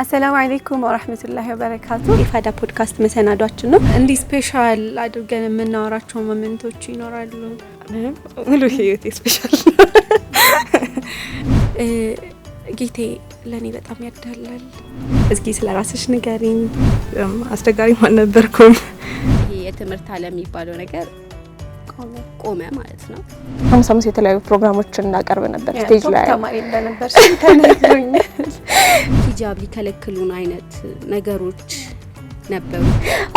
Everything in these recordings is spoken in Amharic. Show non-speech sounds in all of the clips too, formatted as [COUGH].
አሰላሙ አለይኩም ወረህመቱላሂ ወበረካቱ። ኢፋዳ ፖድካስት መሰናዷችን ነው። እንዲህ ስፔሻል አድርገን የምናወራቸው ሞመንቶች ይኖራሉ። ሙሉ ህይወቴ ስፔሻል ጌቴ ለእኔ በጣም ያዳላል። እስኪ ስለ ራስሽ ንገሪኝ። አስቸጋሪም አልነበርኩም። የትምህርት አለም የሚባለው ነገር ተቃውሞ ቆመ ማለት ነው። ሀሙስ ሀሙስ የተለያዩ ፕሮግራሞችን እናቀርብ ነበር። ስቴጅ ላይ ተማሪ እንደነበር [LAUGHS] ሂጃብ ሊከለክሉን አይነት ነገሮች ነበሩ።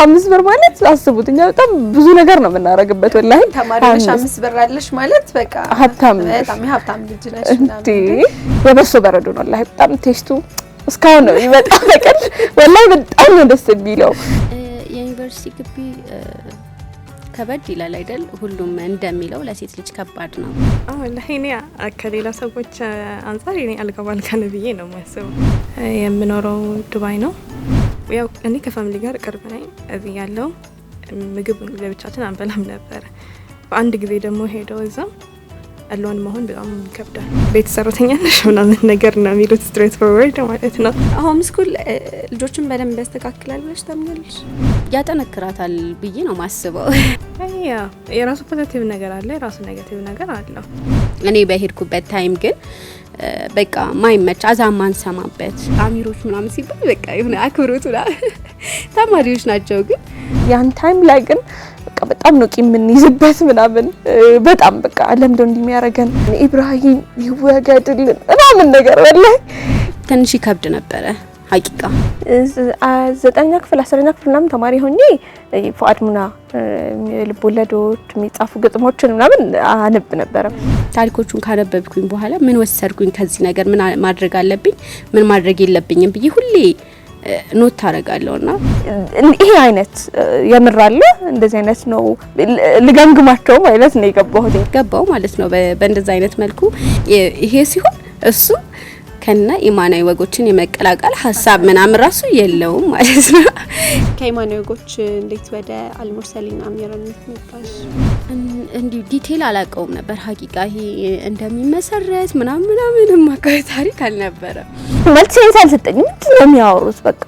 አምስት ብር ማለት አስቡት፣ እኛ በጣም ብዙ ነገር ነው የምናደርግበት። ወላሂ ተማሪዎች አምስት ብር አለሽ ማለት በቃ ሀብታም ሀብታም ልጅ ነሽ። የበሶ በረዶ ነው ወላሂ በጣም ቴስቱ እስካሁን ነው ይመጣ። በቀን ወላሂ በጣም ነው ደስ የሚለው የዩኒቨርሲቲ ግቢ ከበድ ይላል አይደል? ሁሉም እንደሚለው ለሴት ልጅ ከባድ ነው። እኔ ከሌላ ሰዎች አንጻር እኔ አልጋ ባልጋ ነው ብዬ ነው የማስበው። የምኖረው ዱባይ ነው። ያው እኔ ከፋሚሊ ጋር ቅርብ ነኝ። እዚህ ያለው ምግብ ለብቻችን አንበላም ነበር። በአንድ ጊዜ ደግሞ ሄደው እዛም አለዋን መሆን በጣም ይከብዳል። ቤት ሰራተኛ ነሽ ምናምን ነገር ነው የሚሉት ስትሬት ፎርወርድ ማለት ነው። ሆም ስኩል ልጆችን በደንብ ያስተካክላል ብለሽ ታምናለሽ? ያጠነክራታል ብዬ ነው ማስበው። የራሱ ፖዘቲቭ ነገር አለ፣ የራሱ ኔጋቲቭ ነገር አለው። እኔ በሄድኩበት ታይም ግን በቃ ማይመች አዛም ማንሰማበት አሚሮች ምናምን ሲባል በቃ የሆነ አክብሮት [LAUGHS] ተማሪዎች ናቸው ግን ያን ታይም ላይ ግን በጣም ነው ቂም የምንይዝበት ምናምን በጣም በቃ ለምዶ እንደሚያደርገን ኢብራሂም ይወገድልን ምናምን ነገር ወላሂ ትንሽ ይከብድ ነበረ። ሀቂቃ ዘጠነኛ ክፍል አስረኛ ክፍል ምናምን ተማሪ ሆኜ ፉአድ ሙና ልቦለዶች የሚጻፉ ግጥሞችን ምናምን አነብ ነበረ። ታሪኮቹን ካነበብኩኝ በኋላ ምን ወሰድኩኝ፣ ከዚህ ነገር ምን ማድረግ አለብኝ፣ ምን ማድረግ የለብኝም ብዬ ሁሌ ኖት ታደርጋለሁ እና ይሄ አይነት የምራለ እንደዚህ አይነት ነው ልገምግማቸው ማለት ነው የገባሁት ገባው ማለት ነው። በእንደዚ አይነት መልኩ ይሄ ሲሆን እሱ ከነ ኢማናዊ ወጎችን የመቀላቀል ሀሳብ ምናምን ራሱ የለውም ማለት ነው። ከኢማናዊ ወጎች እንዴት ወደ አልሙርሰሊን አሚረነት እንዲሁ ዲቴል አላውቀውም ነበር። ሀቂቃ ይሄ እንደሚመሰረት ምናምን ምናምን የማውቀው ታሪክ አልነበረ። መልስ ሴንስ አልሰጠኝ። ምንድን ነው የሚያወሩት? በቃ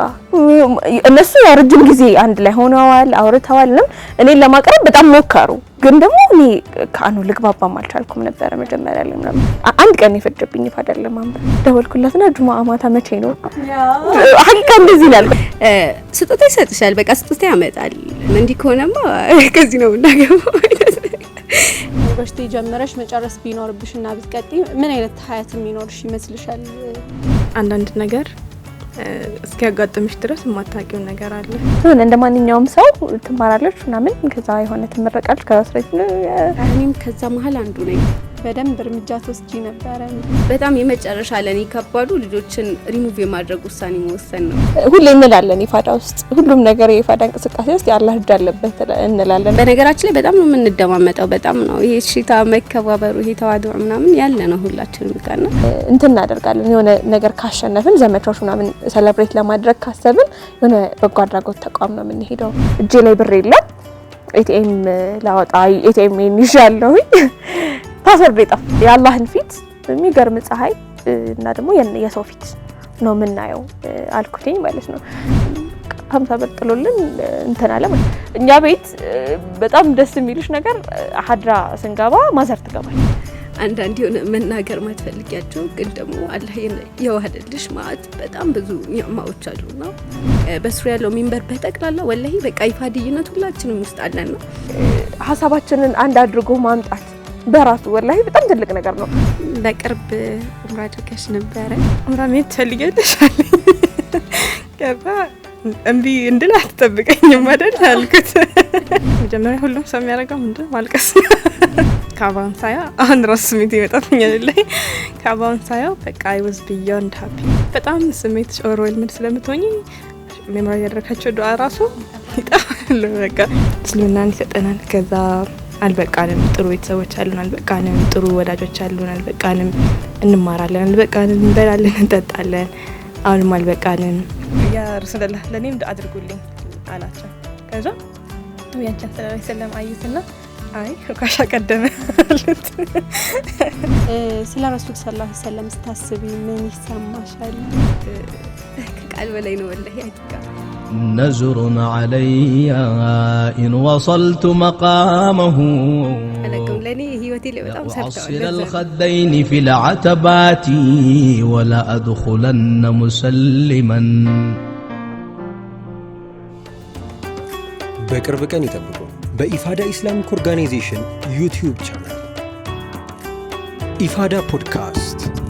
እነሱ ያው ረጅም ጊዜ አንድ ላይ ሆነዋል፣ አውርተዋል። እኔን ለማቅረብ በጣም ሞከሩ፣ ግን ደግሞ እኔ ከአኑ ልግባባም አልቻልኩም ነበረ መጀመሪያ ላይ ምናምን። አንድ ቀን የፈጀብኝ ይፋ አይደለም አንብ ደወልኩላትና ጁማ አማታ መቼ ነው ሀቂቃ እንደዚህ ላል ስጦታ ይሰጥሻል፣ በቃ ስጦታ ያመጣል። እንዲህ ከሆነማ ከዚህ ነው ምናገባው ዩኒቨርሲቲ ጀምረሽ መጨረስ ቢኖርብሽ እና ብትቀጢ ምን አይነት ሀያት የሚኖርሽ ይመስልሻል? አንዳንድ ነገር እስኪያጋጥምሽ ድረስ የማታውቂው ነገር አለ። ሁን እንደ ማንኛውም ሰው ትማራለች ምናምን፣ ከዛ የሆነ ትመረቃለች፣ ከዛ ስራ እኔም ከዛ መሀል አንዱ ነኝ። በደንብ እርምጃ ተወስጂ ነበረ። በጣም የመጨረሻ ለኔ ከባዱ ልጆችን ሪሙቭ የማድረግ ውሳኔ መወሰን ነው። ሁሌ እንላለን ኢፋዳ ውስጥ ሁሉም ነገር የኢፋዳ እንቅስቃሴ ውስጥ የአላህ እጅ አለበት እንላለን። በነገራችን ላይ በጣም ነው የምንደማመጠው። በጣም ነው ይሄ ሽታ መከባበሩ ይሄ ተዋድዑ ምናምን ያለ ነው ሁላችንም ጋር ነው። እንትን እናደርጋለን የሆነ ነገር ካሸነፍን ዘመቻዎች ምናምን ሰለብሬት ለማድረግ ካሰብን የሆነ በጎ አድራጎት ተቋም ነው የምንሄደው። እጄ ላይ ብር የለም ኤቲኤም ላወጣ ኤቲኤም ይዣለሁኝ ፓስወርድ የጠፋ የአላህን ፊት በሚገርም ፀሐይ እና ደግሞ የሰው ፊት ነው የምናየው አልኩትኝ ማለት ነው። ሀምሳ ብር ጥሎልን እንትን አለ ማለት እኛ ቤት በጣም ደስ የሚልሽ ነገር ሀድራ ስንገባ ማዘር ትገባል። አንዳንድ የሆነ መናገር ማትፈልጊያቸው ግን ደግሞ አላህ የዋህልልሽ ማለት በጣም ብዙ ኒዕማዎች አሉና በስሩ ያለው ሚንበር በጠቅላላ ወላሂ በቃ ይፋድይነት ሁላችንም ውስጥ አለን ነው ሀሳባችንን አንድ አድርጎ ማምጣት በራሱ ወላሂ በጣም ትልቅ ነገር ነው። በቅርብ ኡምራ አድርገሽ ነበረ? ኡምራ መሄድ ትፈልጊያለሽ አለኝ። ከዛ እምቢ እንድል አትጠብቀኝም አይደል አልኩት። መጀመሪያ ሁሉም ሰው የሚያደርገው ምንድ ማልቀስ ከአባውን ካባውን አሁን ራሱ ስሜት ይመጣብኛል ላይ ከአባውን ሳየው በቃ አይ ወዝ ቢዮንድ ሀፒ በጣም ስሜት ኦቨርዌልምድ ስለምትሆኝ ሜሞሪ ያደረካቸው ዱዓ ራሱ ይጠፋል። በቃ እስልምናን ይሰጠናል ከዛ አልበቃንም፣ ጥሩ ቤተሰቦች አሉን፣ አልበቃንም፣ ጥሩ ወዳጆች አሉን፣ አልበቃንም፣ እንማራለን፣ አልበቃንም፣ እንበላለን፣ እንጠጣለን፣ አሁንም አልበቃንም። ያ ረሱለላህ ለእኔም አድርጉልኝ አላቸው። ከዛ ነቢያችን ሰለላሁ ሰለም አዩትና አይ ኳሻ ቀደመ አሉት። ስለ ረሱል ሰለላሁ ሰለም ስታስቢ ምን ይሰማሻል? ከቃል በላይ ነው ወላሂ نزر علي إن وصلت مقامه وأصل الخدين في العتبات ولا أدخلن مسلما بكر بكن يتبقى بإفادة إسلام كورغانيزيشن يوتيوب شانل إفادة بودكاست